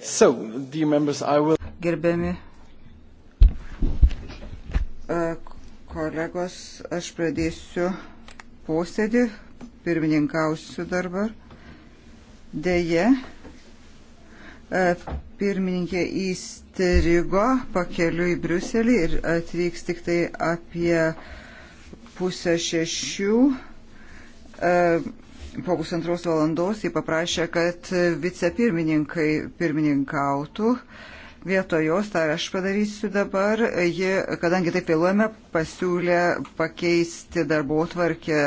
So, dear members, I will... Gerbiami e, kolegos, aš pradėsiu posėdį, pirmininkausiu dabar. Deja, e, pirmininkė įstrigo pakeliu į Briuselį ir atvyks tik tai apie pusę šešių. E, po pusantros valandos jį paprašė, kad vicepirmininkai pirmininkautų. Vietoj jos, tai aš padarysiu dabar, ji, kadangi taip vėluojame, pasiūlė pakeisti darbo tvarkę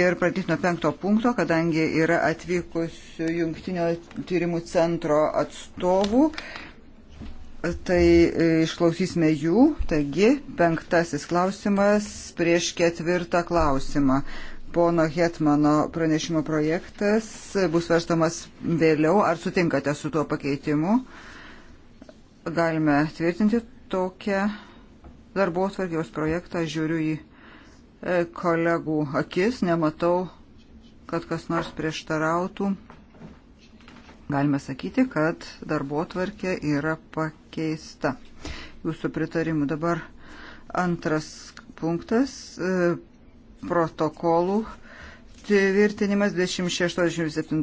ir pradėti nuo penkto punkto, kadangi yra atvykusių jungtinio tyrimų centro atstovų. Tai e, išklausysime jų. Taigi, penktasis klausimas prieš ketvirtą klausimą pono Hetmano pranešimo projektas bus svarstamas vėliau. Ar sutinkate su tuo pakeitimu? Galime tvirtinti tokią darbo tvarkės projektą. Žiūriu į e, kolegų akis, nematau, kad kas nors prieštarautų. Galime sakyti, kad darbo tvarkė yra pakeista. Jūsų pritarimų dabar antras punktas e, protokolų tvirtinimas 26-27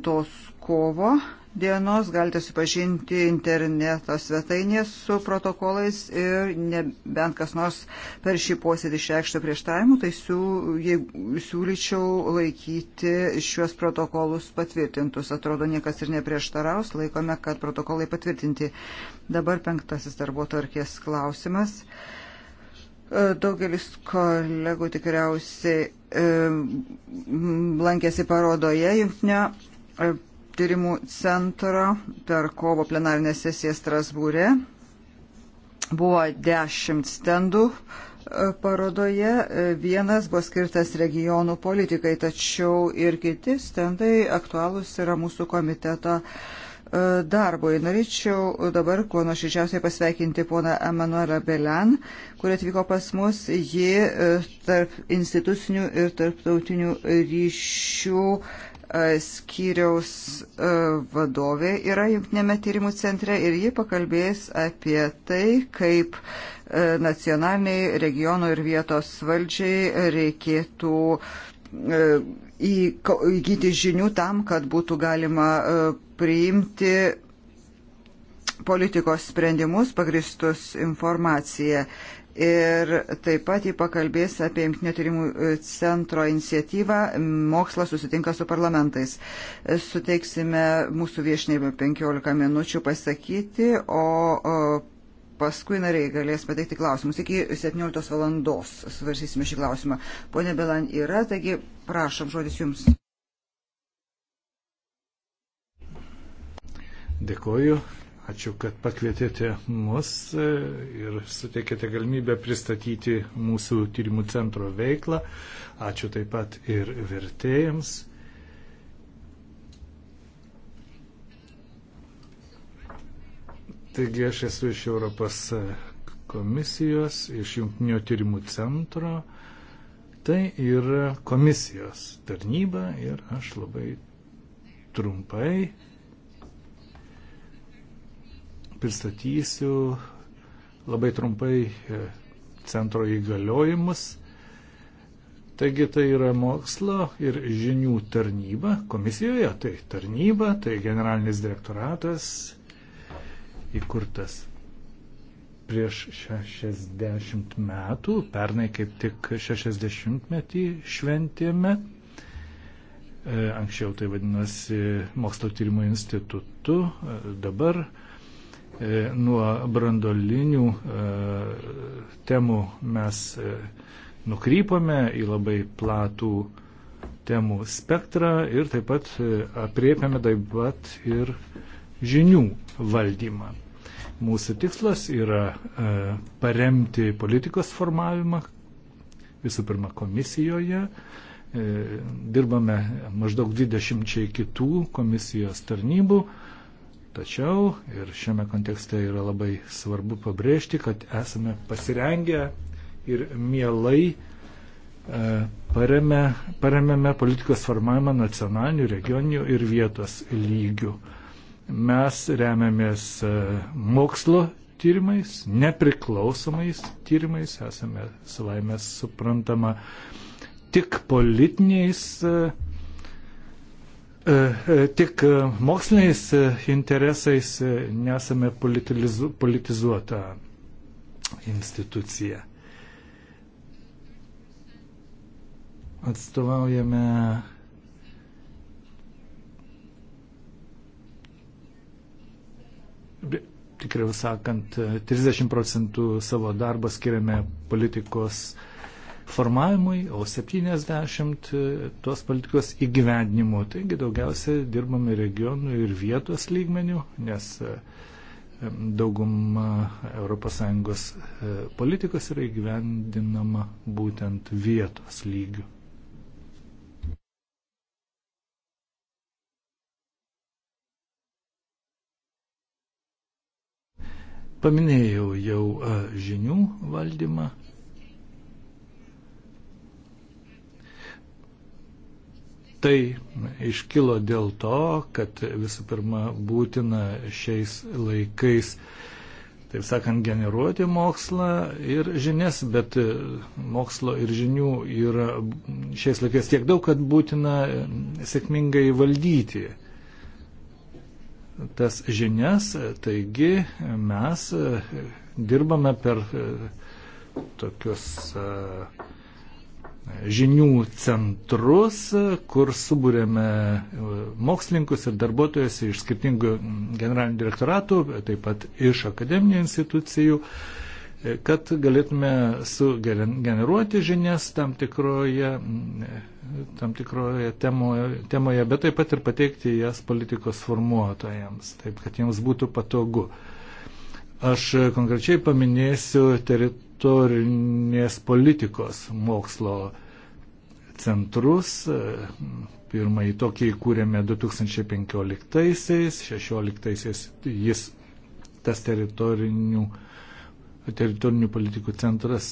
kovo dienos. Galite supažinti interneto svetainės su protokolais ir nebent kas nors per šį posėdį išreikšto prieštarimų, tai siū, jeigu, siūlyčiau laikyti šiuos protokolus patvirtintus. Atrodo, niekas ir neprieštaraus. Laikome, kad protokolai patvirtinti. Dabar penktasis darbo tvarkės klausimas. E, daugelis kolegų tikriausiai e, lankėsi parodoje Junktinio e, tyrimų centro per kovo plenarinę sesiją Strasbūrė. Buvo dešimt stendų parodoje, vienas buvo skirtas regionų politikai, tačiau ir kiti stendai aktualūs yra mūsų komiteto uh, E, darbui. Norėčiau dabar kuo nuoširdžiausiai pasveikinti poną Emanuelą Belen, kuri atvyko pas mus. Ji e, tarp institucinių ir tarptautinių ryšių e, skyriaus vadovė yra Junktinėme tyrimų centre ir ji pakalbės apie tai, kaip nacionaliniai regionų ir vietos valdžiai reikėtų įgyti žinių tam, kad būtų galima e, priimti politikos sprendimus pagristus informaciją. Ir taip pat jį pakalbės apie Junktinio tyrimų e, centro iniciatyvą Mokslas susitinka su parlamentais. E, suteiksime mūsų viešinėjimui 15 minučių pasakyti, o paskui nariai galės pateikti klausimus. Iki 17 valandos svarsysime šį klausimą. Pone Belan yra, taigi prašom žodis jums. Dėkoju, ačiū, kad pakvietėte mus e, ir suteikėte galimybę pristatyti mūsų tyrimų centro veiklą. Ačiū taip pat ir vertėjams Taigi aš esu iš Europos komisijos, iš Junktinio tyrimų centro. Tai yra komisijos tarnyba ir aš labai trumpai pristatysiu labai trumpai e, centro įgaliojimus. Taigi tai yra mokslo ir žinių tarnyba komisijoje, tai tarnyba, tai generalinis direktoratas, įkurtas prieš 60 metų, pernai kaip tik 60 metį šventėme, e, anksčiau tai vadinosi Mokslo tyrimo institutu, e, dabar e, nuo brandolinių temų mes nukrypome į labai platų temų spektrą ir taip pat apriepiame taip pat ir žinių valdymą. Mūsų tikslas yra e, paremti politikos formavimą, visų pirma, komisijoje. E, dirbame maždaug 20 kitų komisijos tarnybų. Tačiau ir šiame kontekste yra labai svarbu pabrėžti, kad esame pasirengę ir mielai e, paremė, paremėme politikos formavimą nacionalinių, regioninių ir vietos lygių. Mes remiamės e, mokslo tyrimais, nepriklausomais tyrimais, esame savaime suprantama tik politiniais, e, e, tik moksliniais interesais, nesame politizu, politizuota institucija. Atstovaujame tikriau sakant, 30 procentų savo darbą skiriame politikos formavimui, o 70 e, tos politikos įgyvendinimu. Taigi daugiausia dirbame regionų ir vietos lygmenių, nes e, dauguma ES e, politikos yra įgyvendinama būtent vietos lygių. Paminėjau jau žinių valdymą. Tai iškilo dėl to, kad visų pirma būtina šiais laikais, taip sakant, generuoti mokslą ir žinias, bet e, mokslo ir žinių yra šiais laikais tiek daug, kad būtina e, sėkmingai valdyti tas žinias, taigi mes e, dirbame per e, tokius e, žinių centrus, kur subūrėme mokslininkus ir darbuotojus iš skirtingų generalinių direktoratų, taip pat iš akademinių institucijų kad galėtume sugeneruoti žinias tam tikroje, tam tikroje temoje, temoje, bet taip pat ir pateikti jas politikos formuotojams, taip kad jiems būtų patogu. Aš konkrečiai paminėsiu teritorinės politikos mokslo centrus. Pirmąjį tokį įkūrėme 2015-aisiais, 2016-aisiais jis tas teritorinių uh, teritorinių politikų centras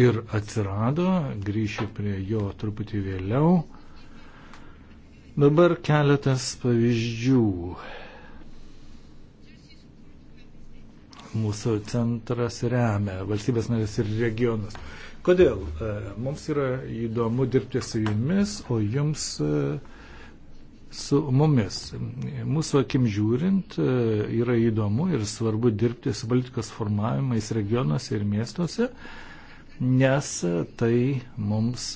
ir atsirado, grįšiu prie jo truputį vėliau. Dabar keletas pavyzdžių. Mūsų centras remia valstybės narės ir regionus. Kodėl? E, mums yra įdomu dirbti su jumis, o jums uh, su mumis. Mūsų akim žiūrint e, yra įdomu ir svarbu dirbti su politikos formavimais regionuose ir miestuose, nes tai mums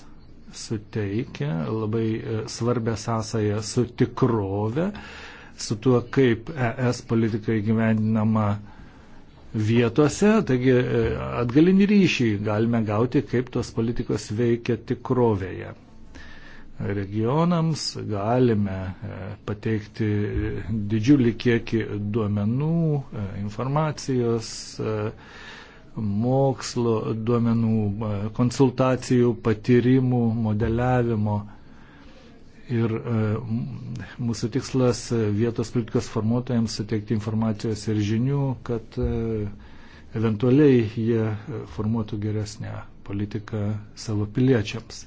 suteikia labai e, svarbę sąsąją su tikrove, su tuo, kaip ES politika įgyvendinama vietose, taigi e, atgalinį ryšį galime gauti, kaip tos politikos veikia tikrovėje regionams, galime e, pateikti e, didžiulį kiekį duomenų, e, informacijos, mokslo duomenų, konsultacijų, patyrimų, modeliavimo. Ir mūsų tikslas vietos politikos formuotojams suteikti informacijos ir žinių, kad eventualiai jie formuotų geresnę politiką savo piliečiams.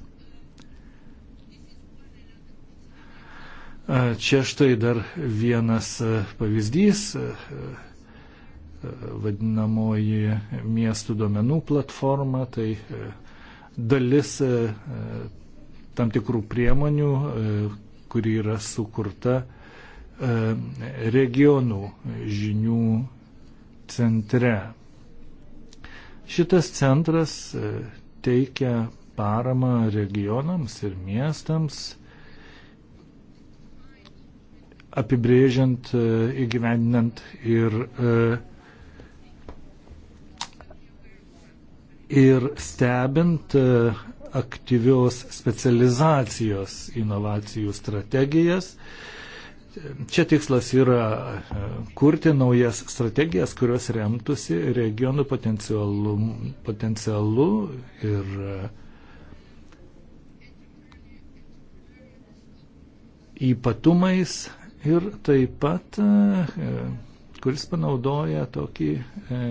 Čia štai dar vienas pavyzdys, vadinamoji miestų duomenų platforma, tai dalis tam tikrų priemonių, kuri yra sukurta regionų žinių centre. Šitas centras teikia paramą regionams ir miestams, apibrėžiant, e, įgyvendinant ir, e, ir stebint e, aktyvios specializacijos inovacijų strategijas. Čia tikslas yra kurti naujas strategijas, kurios remtųsi regionų potencialu, potencialu ir ypatumais ir taip pat, e, e, kuris panaudoja tokį e,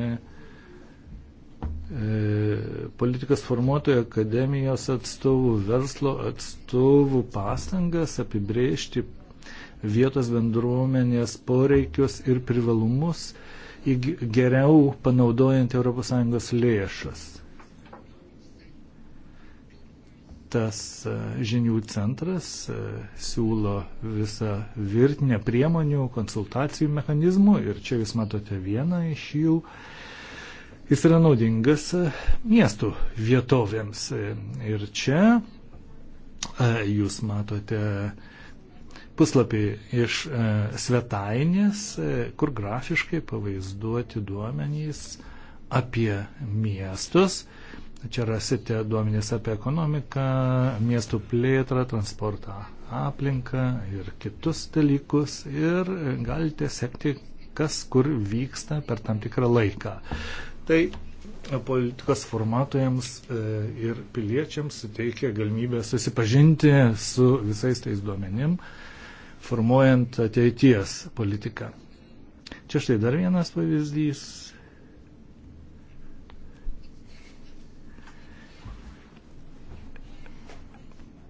politikos formuotojų akademijos atstovų, verslo atstovų pastangas apibrėžti vietos bendruomenės poreikius ir privalumus geriau panaudojant ES lėšas. tas e, žinių centras e, siūlo visą virtinę priemonių, konsultacijų mechanizmų ir čia jūs matote vieną iš jų. Jis yra naudingas e, miestų vietovėms. Ir čia jūs matote puslapį iš svetainės, kur grafiškai pavaizduoti duomenys apie miestus Čia rasite duomenys apie ekonomiką, miestų plėtrą, transportą, aplinką ir kitus dalykus ir galite sekti, kas kur vyksta per tam tikrą laiką. Tai politikos formatojams e, ir piliečiams suteikia galimybę susipažinti su visais tais duomenim, formuojant ateities politiką. Čia štai dar vienas pavyzdys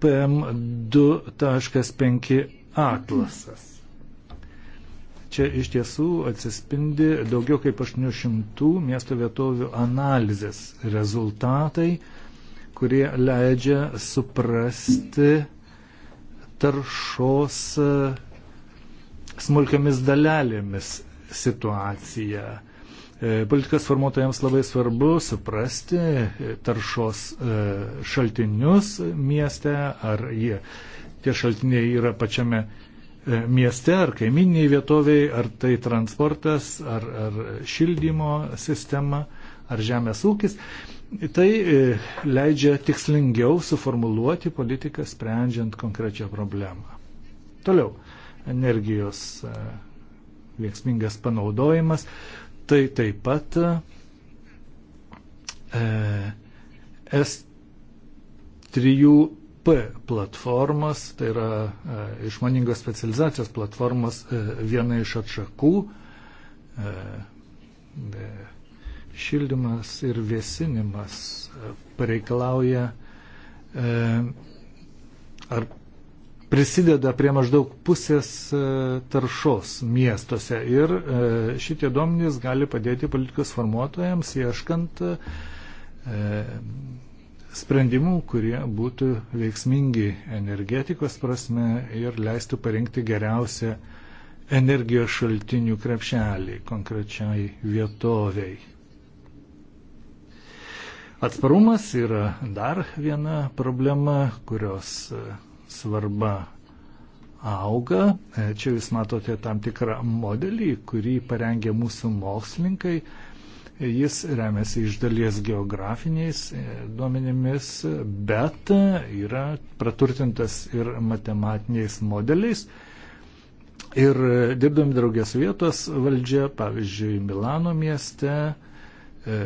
PM2.5 atlasas. Čia iš tiesų atsispindi daugiau kaip 800 miesto vietovių analizės rezultatai, kurie leidžia suprasti taršos e, smulkiamis dalelėmis situaciją E, politikas formuotojams labai svarbu suprasti e, taršos e, šaltinius mieste, ar jie, tie šaltiniai yra pačiame mieste, ar kaiminiai vietoviai, ar tai transportas, ar, ar šildymo sistema, ar žemės ūkis. Tai leidžia tikslingiau suformuluoti politiką, sprendžiant konkrečią problemą. Toliau, energijos veiksmingas panaudojimas. Tai taip pat e, S3P platformas, tai yra e, išmaningos specializacijos platformas e, viena iš atšakų, e, e, šildymas ir vėsinimas e, pareikalauja e, ar prisideda prie maždaug pusės e, taršos miestuose. Ir e, šitie duomenys gali padėti politikos formuotojams ieškant e, sprendimų, kurie būtų veiksmingi energetikos prasme ir leistų parinkti geriausią energijos šaltinių krepšelį konkrečiai vietoviai. Atsparumas yra dar viena problema, kurios svarba auga. E, čia jūs matote tam tikrą modelį, kurį parengė mūsų mokslininkai. E, jis remiasi iš dalies geografiniais e, duomenėmis, bet yra praturtintas ir matematiniais modeliais. Ir dirbdami draugės vietos valdžia, pavyzdžiui, Milano mieste, E,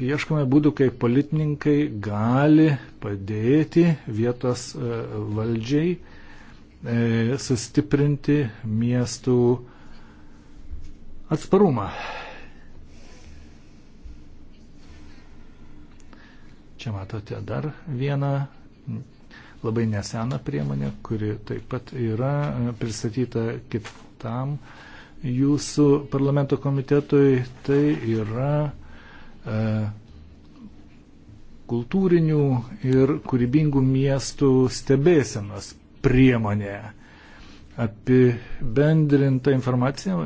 ieškome būdų, kaip politininkai gali padėti vietos e, valdžiai e, sustiprinti miestų atsparumą. Čia matote dar vieną labai neseną priemonę, kuri taip pat yra pristatyta kitam jūsų parlamento komitetui. Tai yra E, kultūrinių ir kūrybingų miestų stebėsenos priemonė. Apibendrinta informacija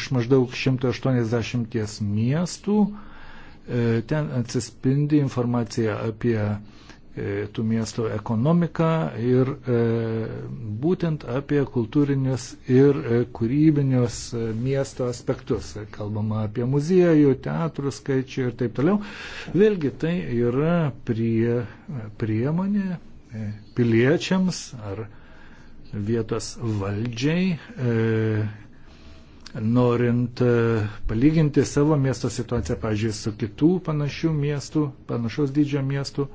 iš maždaug 180 miestų. E, ten atsispindi informacija apie E, tų miestų ekonomiką ir e, būtent apie kultūrinius ir e, kūrybinius miesto aspektus. Kalbama apie muziejų, teatrų skaičių ir taip toliau. Vėlgi tai yra prie, priemonė piliečiams ar vietos valdžiai norint palyginti savo miesto situaciją, pažiūrėjus, su kitų panašių miestų, panašaus dydžio miestų,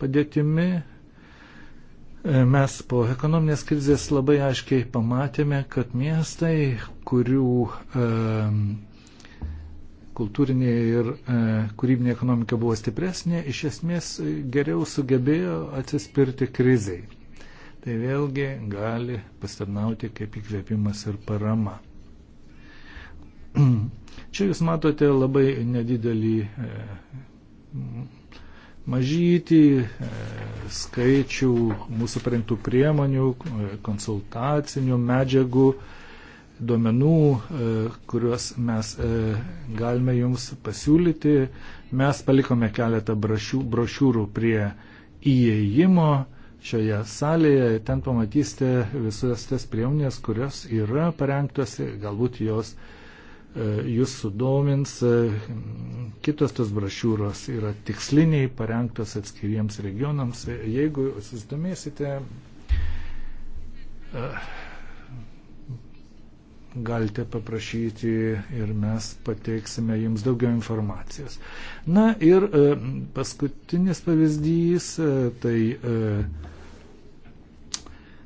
padėtimi. E, mes po ekonominės krizės labai aiškiai pamatėme, kad miestai, kurių e, kultūrinė ir e, kūrybinė ekonomika buvo stipresnė, iš esmės geriau sugebėjo atsispirti kriziai. Tai vėlgi gali pasitarnauti kaip įkvėpimas ir parama. Čia jūs matote labai nedidelį e, mažytį e, skaičių mūsų parengtų priemonių, e, konsultacinių medžiagų, duomenų, e, kuriuos mes galime jums pasiūlyti. Mes palikome keletą brošiūrų prie įėjimo šioje salėje. Ten pamatysite visas tas priemonės, kurios yra parengtos, galbūt jos uh, E, jūs sudomins. E, kitos tos brošiūros yra tiksliniai, parengtos atskiriems regionams. E, jeigu susidomėsite, galite paprašyti ir mes pateiksime jums daugiau informacijos. Na ir paskutinis pavyzdys, tai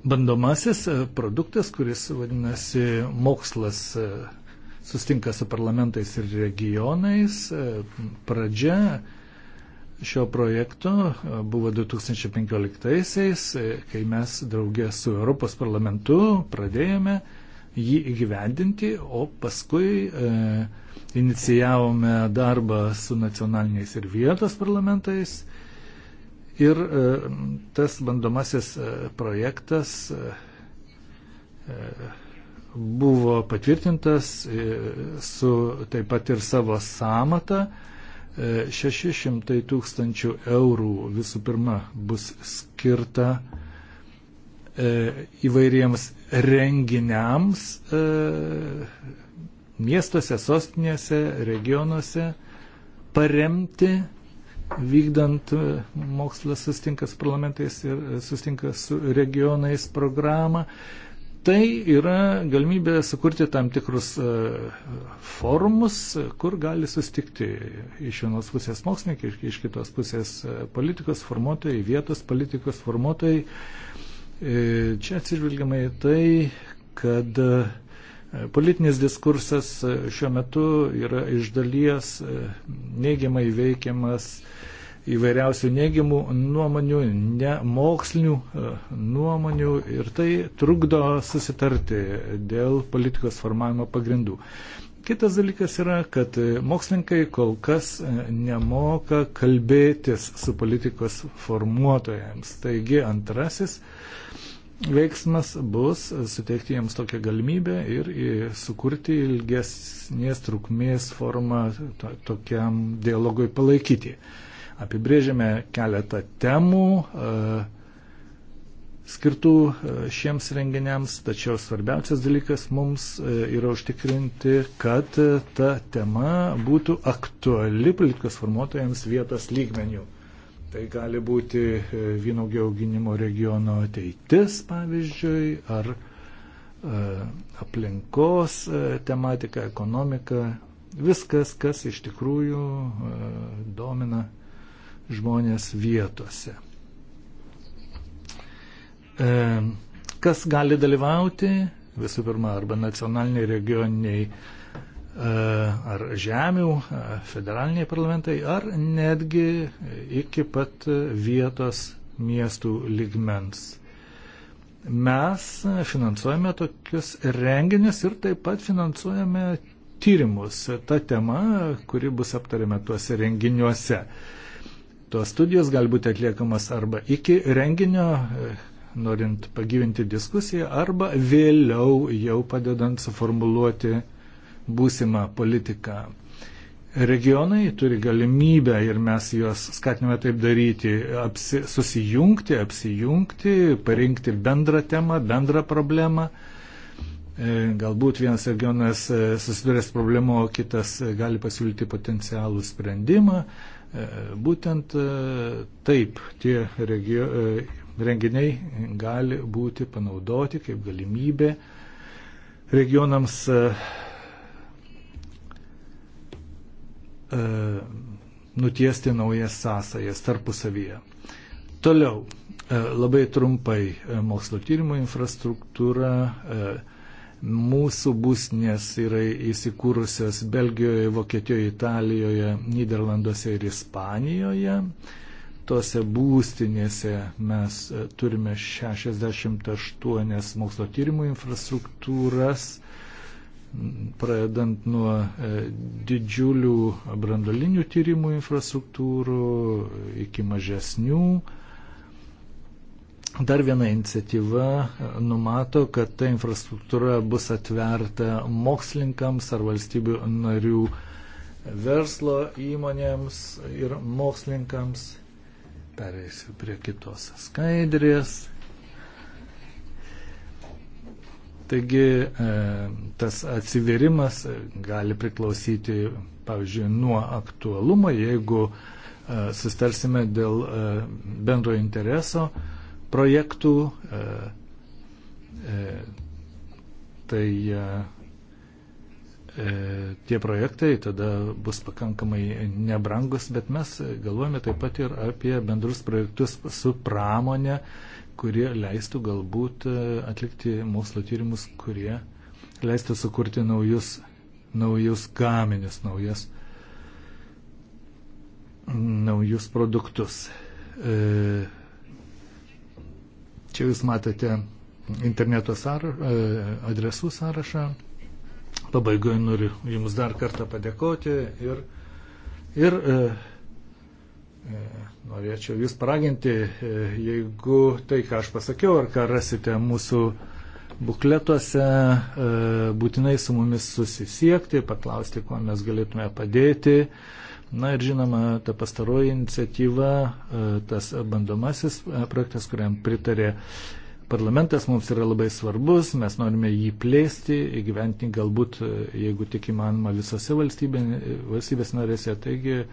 bandomasis produktas, kuris vadinasi mokslas sustinka su parlamentais ir regionais. E, pradžia šio projekto e, buvo 2015-aisiais, e, kai mes draugė su Europos parlamentu pradėjome jį įgyvendinti, o paskui e, inicijavome darbą su nacionaliniais ir vietos parlamentais. Ir e, tas bandomasis e, projektas e, buvo patvirtintas e, su taip pat ir savo samata. 600 e, tūkstančių eurų visų pirma bus skirta e, įvairiems renginiams miestuose, sostinėse, regionuose paremti vykdant mokslas sustinka su parlamentais ir sustinka su regionais programą. Tai yra galimybė sukurti tam tikrus e, forumus, kur gali sustikti iš vienos pusės mokslininkai, iš kitos pusės e, politikos formuotojai, vietos politikos formuotojai. E, čia atsižvelgiama į tai, kad Politinis diskursas šiuo metu yra iš dalies neigiamai veikiamas įvairiausių neigiamų nuomonių, nemokslinių e, nuomonių ir tai trukdo susitarti dėl politikos formavimo pagrindų. Kitas dalykas yra, kad mokslininkai kol kas e, nemoka kalbėtis su politikos formuotojams. Taigi antrasis veiksmas bus suteikti jiems tokią galimybę ir sukurti ilgesnės trukmės formą tokiam dialogui palaikyti. Uh, Apibrėžėme keletą temų e, skirtų e, šiems renginiams, tačiau svarbiausias dalykas mums e, yra užtikrinti, kad ta tema būtų aktuali politikos formuotojams vietos lygmenių. Tai gali būti vynaugio auginimo regiono ateitis, pavyzdžiui, ar aplinkos tematika, ekonomika, viskas, kas iš tikrųjų domina žmonės vietose. E, kas gali dalyvauti? Visų pirma, arba nacionaliniai, regioniniai e, ar žemių, e, federaliniai parlamentai, ar netgi iki pat vietos miestų ligmens mes finansuojame tokius renginius ir taip pat finansuojame tyrimus. Ta tema, kuri bus aptariama tuose renginiuose. Tos studijos gali būti atliekamas arba iki renginio, e, norint pagyvinti diskusiją, arba vėliau jau padedant suformuluoti būsimą politiką. Regionai turi galimybę ir mes juos skatiname taip daryti, apsi, susijungti, apsijungti, parinkti bendrą temą, bendrą problemą. E, galbūt vienas regionas e, susidurės problemo, kitas gali pasiūlyti potencialų sprendimą. Būtent e, taip tie regio, e, renginiai gali būti panaudoti kaip galimybė regionams e, nutiesti naujas sąsajas tarpusavyje. Toliau, labai trumpai, mokslo tyrimo infrastruktūra Mūsų būsnės yra įsikūrusios Belgijoje, Vokietijoje, Italijoje, Niderlanduose ir Ispanijoje. Tose būstinėse mes e, turime 68 mokslo tyrimų infrastruktūras, pradedant nuo e, didžiulių brandolinių tyrimų infrastruktūrų iki mažesnių. Dar viena iniciatyva e, numato, kad ta infrastruktūra bus atverta mokslininkams ar valstybių narių verslo įmonėms ir mokslininkams. Pereisiu prie kitos skaidrės. Taigi e, tas atsiverimas gali priklausyti, pavyzdžiui, nuo aktualumo, jeigu e, sustarsime dėl bendro intereso projektų. E, e, tai e, tie projektai tada bus pakankamai nebrangus, bet mes galvojame taip pat ir apie bendrus projektus su pramonė, kurie leistų galbūt atlikti mokslo tyrimus, kurie leistų sukurti naujus, naujus gaminius, naujas, naujus produktus. E, Čia jūs matote interneto sąra, e, adresų sąrašą. Pabaigoje noriu Jums dar kartą padėkoti ir, ir e, e norėčiau Jūs paraginti, e, jeigu tai, ką aš pasakiau, ar ką rasite mūsų bukletuose, e, būtinai su mumis susisiekti, paklausti, kuo mes galėtume padėti. E, Na ir žinoma, ta pastaroji iniciatyva, e, tas bandomasis e, projektas, kuriam pritarė parlamentas, mums yra labai svarbus, mes norime jį plėsti, įgyventi galbūt, e, jeigu tik įmanoma, visose valstybė, valstybės narėse. Taigi e,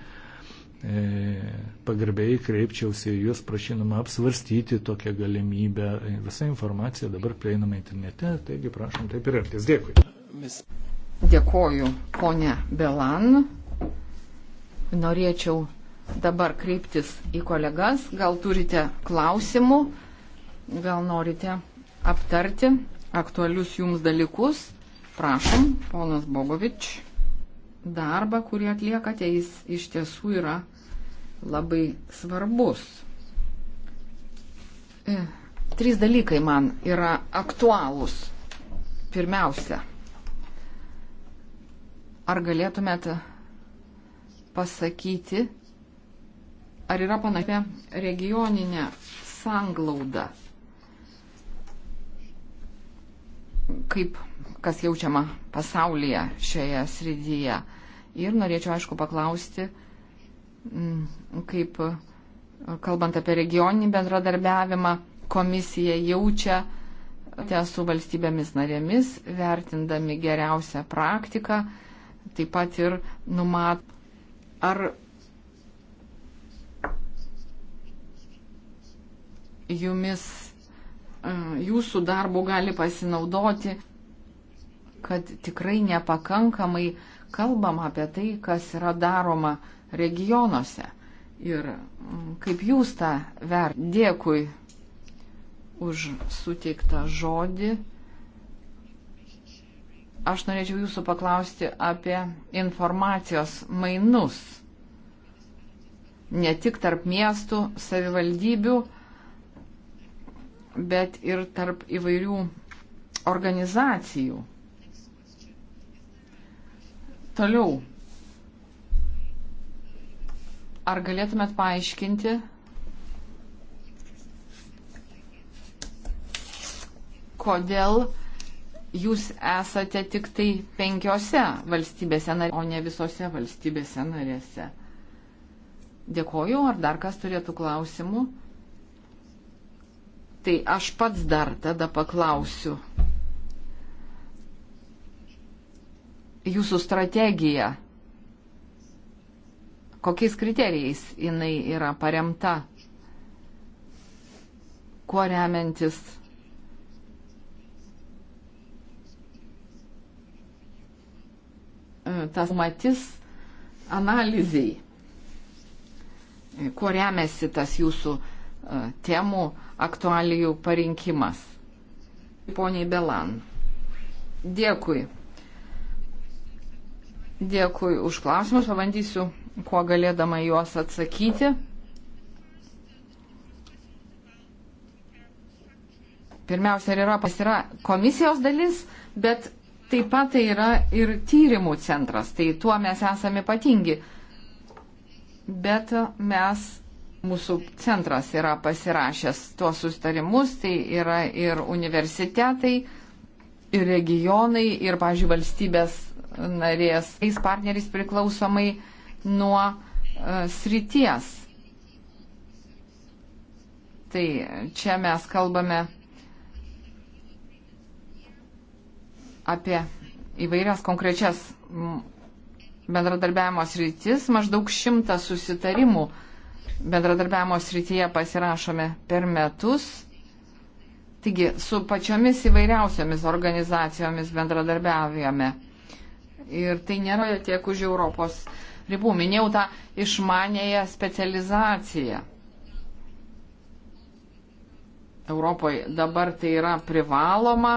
pagarbiai kreipčiausi jūs prašinama apsvarstyti tokią galimybę. Visa informacija dabar prieinama internete, taigi prašom taip ir elgtis. Dėkui. Dėkoju, ponė Belan norėčiau dabar kreiptis į kolegas. Gal turite klausimų, gal norite aptarti aktualius jums dalykus. Prašom, ponas Bogovič, darbą, kurį atliekate, jis iš tiesų yra labai svarbus. E, trys dalykai man yra aktualūs. Pirmiausia, ar galėtumėte pasakyti, ar yra panašia regioninė sanglauda, kaip kas jaučiama pasaulyje šioje srityje. Ir norėčiau, aišku, paklausti, mm, kaip, kalbant apie regioninį bendradarbiavimą, komisija jaučia su valstybėmis narėmis, vertindami geriausią praktiką, taip pat ir numat Ar jumis, e, jūsų darbu gali pasinaudoti, kad tikrai nepakankamai kalbam apie tai, kas yra daroma regionuose. Ir kaip jūs tą vert. Dėkui už suteiktą žodį. Aš norėčiau jūsų paklausti apie informacijos mainus. Ne tik tarp miestų, savivaldybių, bet ir tarp įvairių organizacijų. Toliau. Ar galėtumėt paaiškinti, kodėl jūs esate tik tai penkiose valstybėse narėse, o ne visose valstybėse narėse. Dėkoju, ar dar kas turėtų klausimų? Tai aš pats dar tada paklausiu. Jūsų strategija, kokiais kriterijais jinai yra paremta, kuo remiantis tas matys analizai, kuo remiasi tas jūsų e, temų aktualijų parinkimas. Poniai Belan, dėkui. Dėkui už klausimus, pabandysiu, kuo galėdama juos atsakyti. Pirmiausia, yra, yra komisijos dalis, bet taip pat tai yra ir tyrimų centras, tai tuo mes esame ypatingi. Bet mes, mūsų centras yra pasirašęs tuos sustarimus, tai yra ir universitetai, ir regionai, ir, pažiūrėjau, valstybės narės, eis partneris priklausomai nuo uh, srities. Tai čia mes kalbame apie įvairias konkrečias bendradarbiavimo sritis. Maždaug šimtą susitarimų bendradarbiavimo srityje pasirašome per metus. Taigi, su pačiomis įvairiausiamis organizacijomis bendradarbiavėjome. Ir tai nėra tiek už Europos ribų. Minėjau tą išmanėją specializaciją. Europoje dabar tai yra privaloma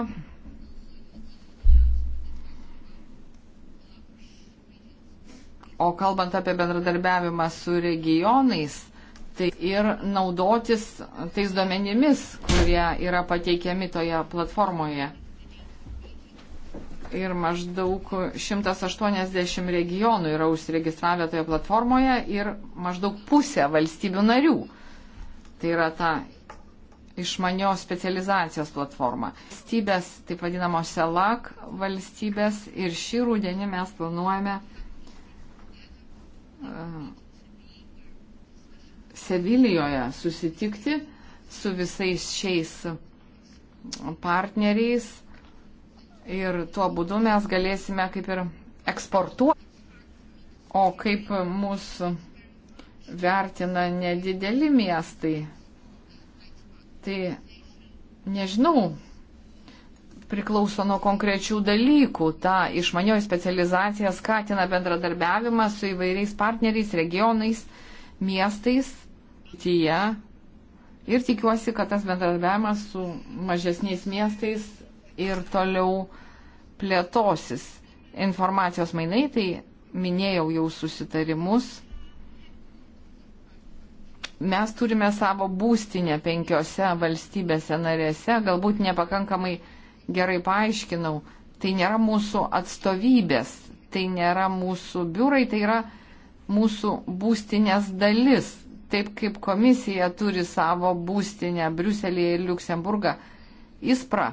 O kalbant apie bendradarbiavimą su regionais, tai ir naudotis tais duomenimis, kurie yra pateikiami toje platformoje. Ir maždaug 180 regionų yra užsiregistravę toje platformoje ir maždaug pusė valstybių narių. Tai yra ta išmanios specializacijos platforma. Valstybės, taip vadinamos SELAK valstybės ir šį rūdienį mes planuojame Sevilijoje susitikti su visais šiais partneriais ir tuo būdu mes galėsime kaip ir eksportuoti. O kaip mūsų vertina nedideli miestai, tai nežinau, priklauso nuo konkrečių dalykų. Ta išmanioji specializacija skatina bendradarbiavimą su įvairiais partneriais, regionais, miestais. Tie. Ir tikiuosi, kad tas bendradarbiavimas su mažesniais miestais ir toliau plėtosis. Informacijos mainai, tai minėjau jau susitarimus. Mes turime savo būstinę penkiose valstybėse narėse, galbūt nepakankamai gerai paaiškinau, tai nėra mūsų atstovybės, tai nėra mūsų biurai, tai yra mūsų būstinės dalis. Taip kaip komisija turi savo būstinę Briuselį ir Luksemburgą, ISPRA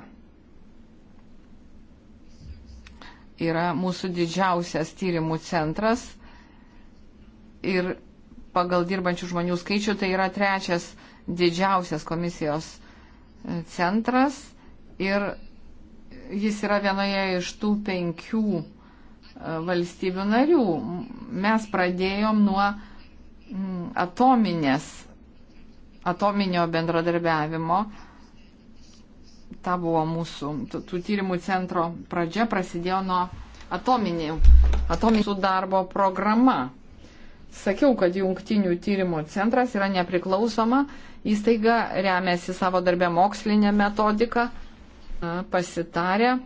yra mūsų didžiausias tyrimų centras ir pagal dirbančių žmonių skaičių tai yra trečias didžiausias komisijos centras ir jis yra vienoje iš tų penkių e, valstybių narių. Mes pradėjom nuo mm, atominės, atominio bendradarbiavimo. Ta buvo mūsų, tų tyrimų centro pradžia prasidėjo nuo atominių, atominių darbo programa. Sakiau, kad jungtinių tyrimų centras yra nepriklausoma, įstaiga remiasi savo darbę mokslinę metodiką pasitarę mm,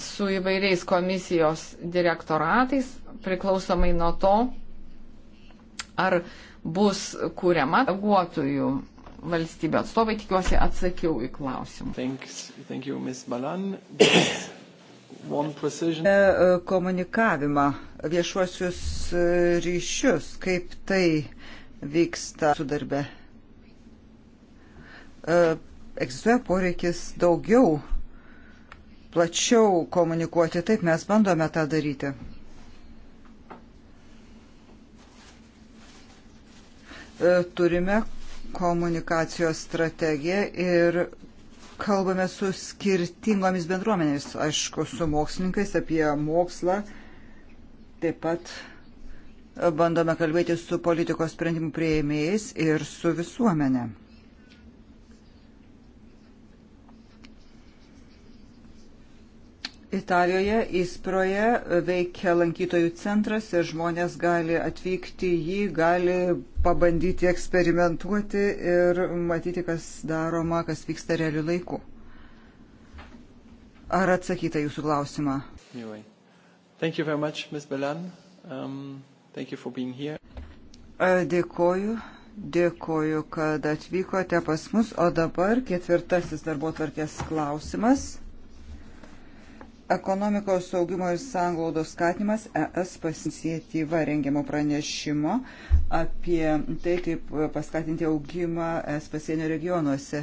su įvairiais komisijos direktoratais, priklausomai nuo to, ar bus kūriama darbuotojų valstybė atstovai. Tikiuosi atsakiau į klausimą. Thank you, Balan. E, e, komunikavimą, viešuosius e, ryšius, kaip tai vyksta su darbe egzistuoja poreikis daugiau, plačiau komunikuoti. Taip mes bandome tą daryti. E, turime komunikacijos strategiją ir kalbame su skirtingomis bendruomenėmis, aišku, su mokslininkais apie mokslą. Taip pat bandome kalbėti su politikos sprendimų prieimėjais ir su visuomenė. Italijoje, Isproje veikia lankytojų centras ir žmonės gali atvykti į jį, gali pabandyti eksperimentuoti ir matyti, kas daroma, kas vyksta realiu laiku. Ar atsakyta jūsų klausimą? Anyway. Thank you very much, Ms. Belan. Um, thank you for being here. Dėkoju, dėkoju, kad atvykote pas mus. O dabar ketvirtasis darbo tvarkės klausimas. Ekonomikos saugimo ir sanglaudos skatimas ES pasicijatyva rengiamo pranešimo apie tai, kaip paskatinti augimą ES pasienio regionuose.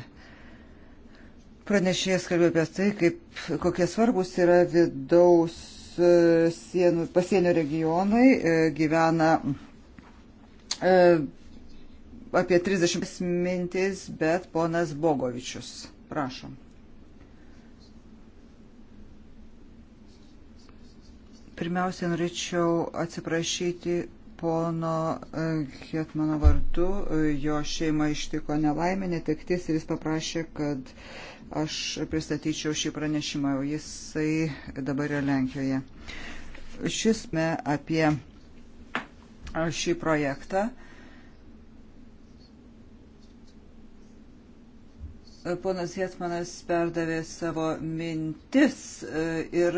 Pranešėjas kalbėjo apie tai, kaip, kokie svarbus yra vidaus e, sienų, pasienio regionai, e, gyvena e, apie 30 mintis, bet ponas Bogovičius. Prašom. Pirmiausia, norėčiau atsiprašyti pono e, Hetmano vardu. E, jo šeima ištiko nelaimė, netektis ir jis paprašė, kad aš pristatyčiau šį pranešimą. Jisai dabar yra Lenkijoje. Šis me apie e, šį projektą. Ponas Hetmanas perdavė savo mintis ir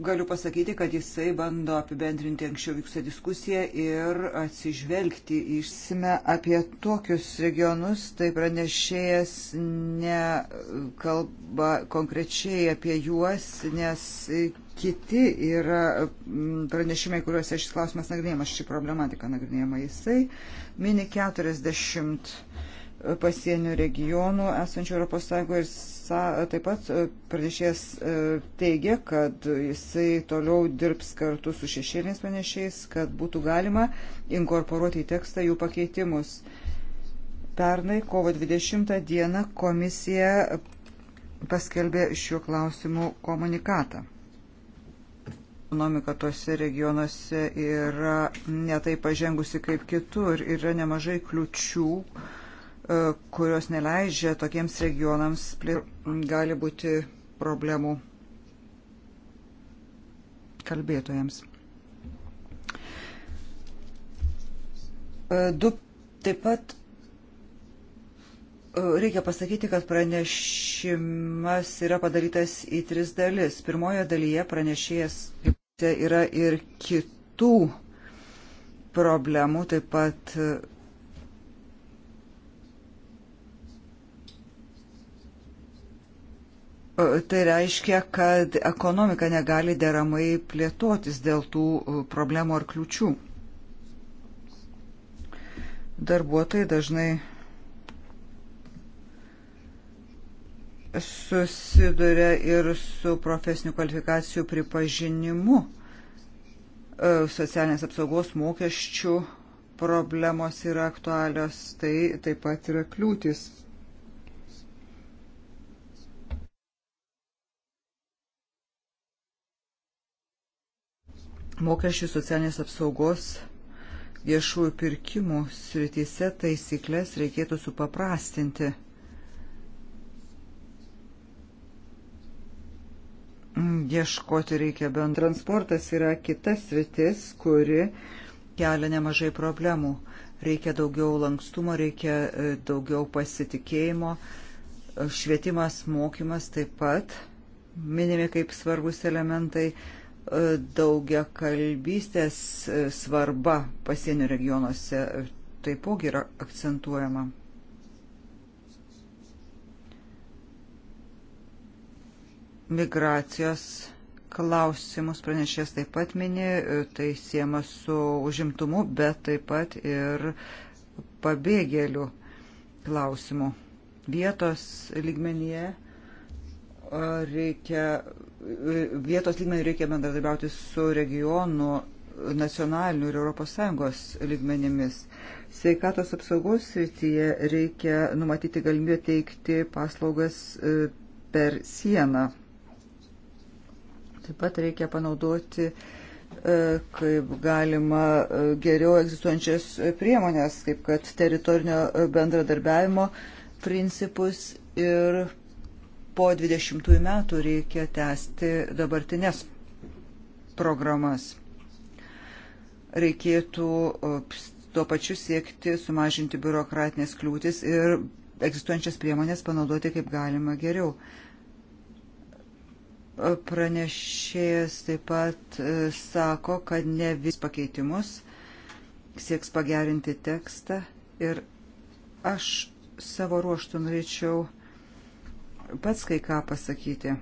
galiu pasakyti, kad jisai bando apibendrinti anksčiau vykusią diskusiją ir atsižvelgti išsime apie tokius regionus, tai pranešėjas nekalba konkrečiai apie juos, nes kiti yra mm, pranešimai, kuriuose šis klausimas nagrinėjamas, ši problematika nagrinėjama. Jisai mini 40 pasienio regionų esančių ES ir sa, taip pat e, pranešėjas e, teigia, kad jisai toliau dirbs kartu su šešėliniais pranešiais, kad būtų galima inkorporuoti į tekstą jų pakeitimus. Pernai kovo 20 dieną komisija paskelbė šiuo klausimu komunikatą. Ekonomika tose regionuose yra netai pažengusi kaip kitur, yra nemažai kliučių E, kurios neleidžia tokiems regionams gali būti problemų kalbėtojams. E, du, taip pat e, reikia pasakyti, kad pranešimas yra padarytas į tris dalis. Pirmojo dalyje pranešėjas yra ir kitų problemų, taip pat E, tai reiškia, kad ekonomika negali deramai plėtotis dėl tų e, problemų ar kliučių. Darbuotojai dažnai susiduria ir su profesinių kvalifikacijų pripažinimu e, socialinės apsaugos mokesčių problemos yra aktualios, tai taip pat yra kliūtis mokesčių socialinės apsaugos viešųjų pirkimų srityse taisyklės reikėtų supaprastinti. Ieškoti reikia bent transportas yra kitas sritis, kuri kelia nemažai problemų. Reikia daugiau lankstumo, reikia e, daugiau pasitikėjimo, švietimas, mokymas taip pat minimi kaip svarbus elementai daugia kalbystės e, svarba pasienio regionuose e, taipogi yra akcentuojama. Migracijos klausimus pranešės taip pat mini, e, tai siema su užimtumu, bet taip pat ir pabėgėlių klausimu. Vietos lygmenyje reikia, vietos lygmenį reikia bendradarbiauti su regionu, nacionaliniu ir ES lygmenimis. Sveikatos apsaugos srityje reikia numatyti galimybę teikti paslaugas e, per sieną. Taip pat reikia panaudoti e, kaip galima e, geriau egzistuojančias priemonės, kaip kad teritorinio bendradarbiavimo principus ir po 20 metų reikia tęsti dabartinės programas. Reikėtų tuo pačiu siekti sumažinti biurokratinės kliūtis ir egzistuojančias priemonės panaudoti kaip galima geriau. Pranešėjas taip pat e, sako, kad ne vis pakeitimus sieks pagerinti tekstą ir aš savo ruoštų norėčiau pats kai ką pasakyti.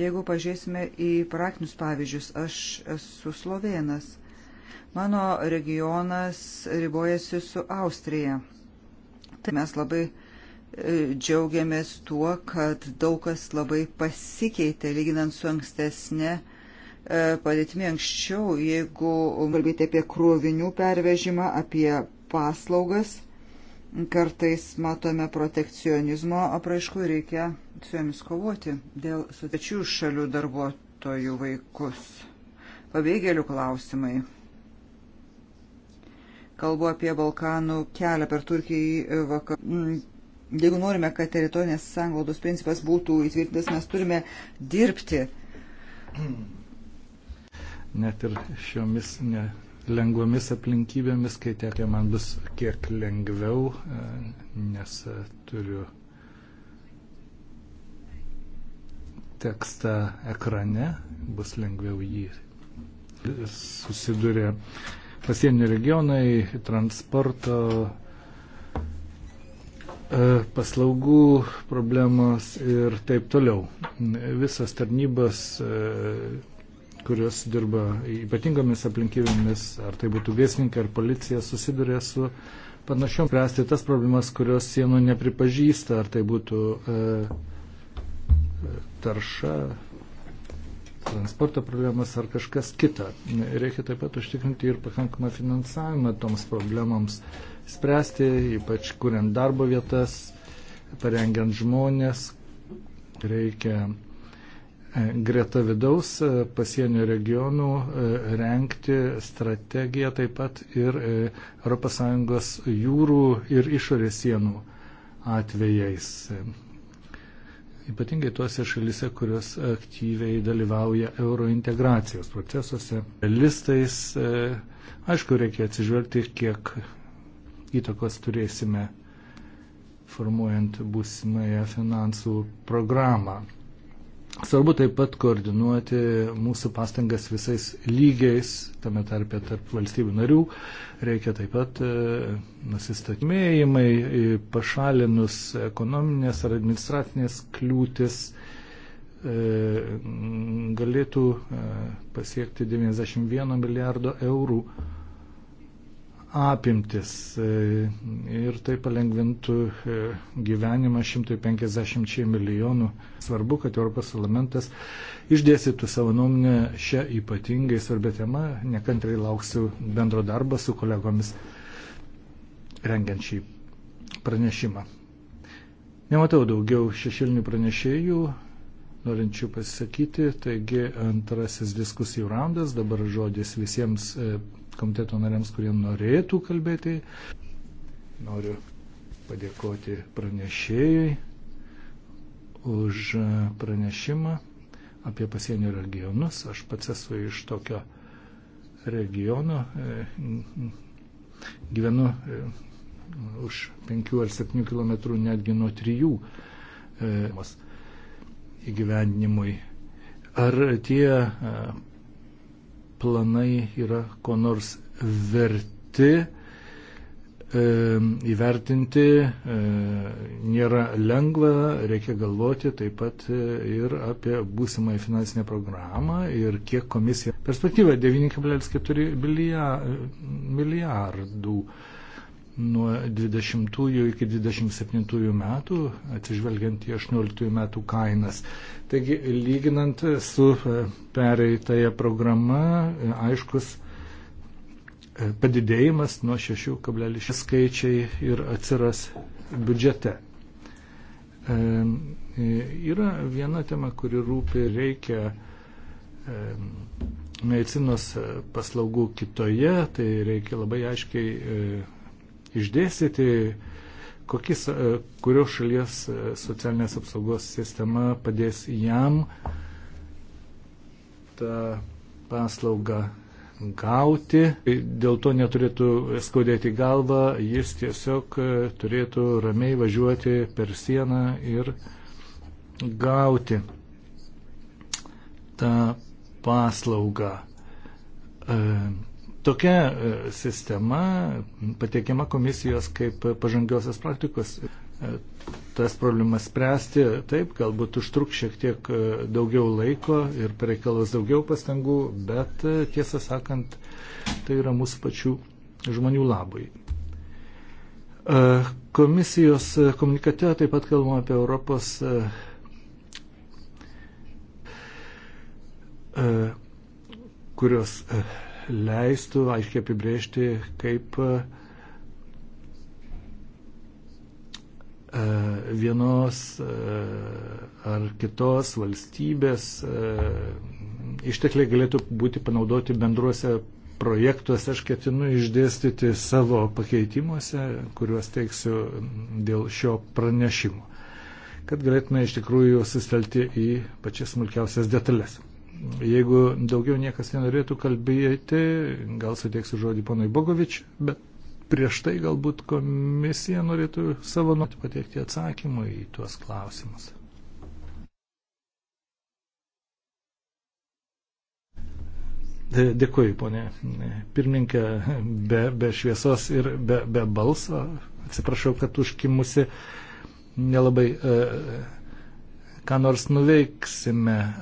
Jeigu pažiūrėsime į praktinius pavyzdžius, aš esu slovėnas. Mano regionas ribojasi su Austrija. Tai mes labai e, džiaugiamės tuo, kad daug kas labai pasikeitė lyginant su ankstesnė e, padėtimi anksčiau, jeigu kalbėti apie krovinių pervežimą, apie paslaugas – Kartais matome protekcionizmo apraiškų, reikia su jomis kovoti dėl svečių šalių darbuotojų vaikus. Pabėgėlių klausimai. Kalbu apie Balkanų kelią per Turkiją į e, vakarą mm, jeigu norime, kad teritorinės sanglaudos principas būtų įtvirtintas, mes turime dirbti. Net ir šiomis ne, lengvomis aplinkybėmis, kai tekė man bus kiek lengviau, e, nes e, turiu tekstą ekrane, bus lengviau jį. Susiduria pasienio regionai, transporto, e, paslaugų problemos ir taip toliau. Visas tarnybos kurios dirba ypatingomis aplinkybėmis, ar tai būtų viesininkai ar policija, susiduria su panašiom spręsti tas problemas, kurios sienų nepripažįsta, ar tai būtų e, tarša, transporto problemas ar kažkas kita. Reikia taip pat užtikrinti ir pakankamą finansavimą toms problemams spręsti, ypač kuriant darbo vietas, parengiant žmonės, reikia greta vidaus e, pasienio regionų e, renkti strategiją taip pat ir ES jūrų ir išorės sienų atvejais. Ypatingai tuose šalise, kurios aktyviai dalyvauja eurointegracijos procesuose. Listais, e, aišku, reikia atsižvelgti, kiek įtakos turėsime formuojant būsimąją finansų programą. Svarbu taip pat koordinuoti mūsų pastangas visais lygiais, tame tarpe tarp valstybių narių. Reikia taip pat e, nusistatymėjimai, e, pašalinus ekonominės ar administracinės kliūtis, e, galėtų pasiekti 91 milijardo eurų apimtis e, ir tai palengvintų e, gyvenimą 150 milijonų. Svarbu, kad Europos parlamentas išdėstytų savo nuomonę šią ypatingai svarbę temą. Nekantrai lauksiu bendro darbo su kolegomis rengiant šį pranešimą. Nematau daugiau šešilinių pranešėjų norinčių pasisakyti, taigi antrasis diskusijų raundas, dabar žodis visiems e, komiteto nariams, kurie norėtų kalbėti. Noriu padėkoti pranešėjai už pranešimą apie pasienio regionus. Aš pats esu iš tokio regiono, e, gyvenu e, už 5 ar 7 km netgi nuo 3 e, įgyvendinimui. Ar tie planai yra ko nors verti, e, įvertinti e, nėra lengva, reikia galvoti taip pat e, ir apie būsimąją finansinę programą ir kiek komisija. Perspektyva 9,4 milijardų. Milijar, nuo 20 iki 27 metų, atsižvelgiant į 18 metų kainas. Taigi, lyginant su e, pereitaja programa, e, aiškus e, padidėjimas nuo 6,6 skaičiai ir atsiras biudžete. E, yra viena tema, kuri rūpi reikia e, medicinos paslaugų kitoje, tai reikia labai aiškiai e, išdėstyti, kokis, e, kurios šalies e, socialinės apsaugos sistema padės jam tą paslaugą gauti. Tai dėl to neturėtų skaudėti galvą, jis tiesiog e, turėtų ramiai važiuoti per sieną ir gauti tą paslaugą. E, Tokia e, sistema pateikiama komisijos kaip pažangiosios praktikos. E, tas problemas spręsti taip, galbūt užtruk šiek tiek e, daugiau laiko ir pareikalos daugiau pastangų, bet tiesą sakant, tai yra mūsų pačių žmonių labui. Komisijos komunikate taip pat kalbama apie Europos kurios leistų aiškiai apibrėžti, kaip e, vienos e, ar kitos valstybės e, ištekliai galėtų būti panaudoti bendruose projektuose. Aš ketinu išdėstyti savo pakeitimuose, kuriuos teiksiu dėl šio pranešimo, kad galėtume iš tikrųjų sustelti į pačias smulkiausias detalės. Jeigu daugiau niekas nenorėtų kalbėti, gal suteiksiu žodį ponui Bogovič, bet prieš tai galbūt komisija norėtų savo nuot pateikti atsakymą į tuos klausimus. Dėkuoju, ponė pirmininkė, be, be šviesos ir be, be balso. Atsiprašau, kad užkimusi nelabai e, ką nors nuveiksime.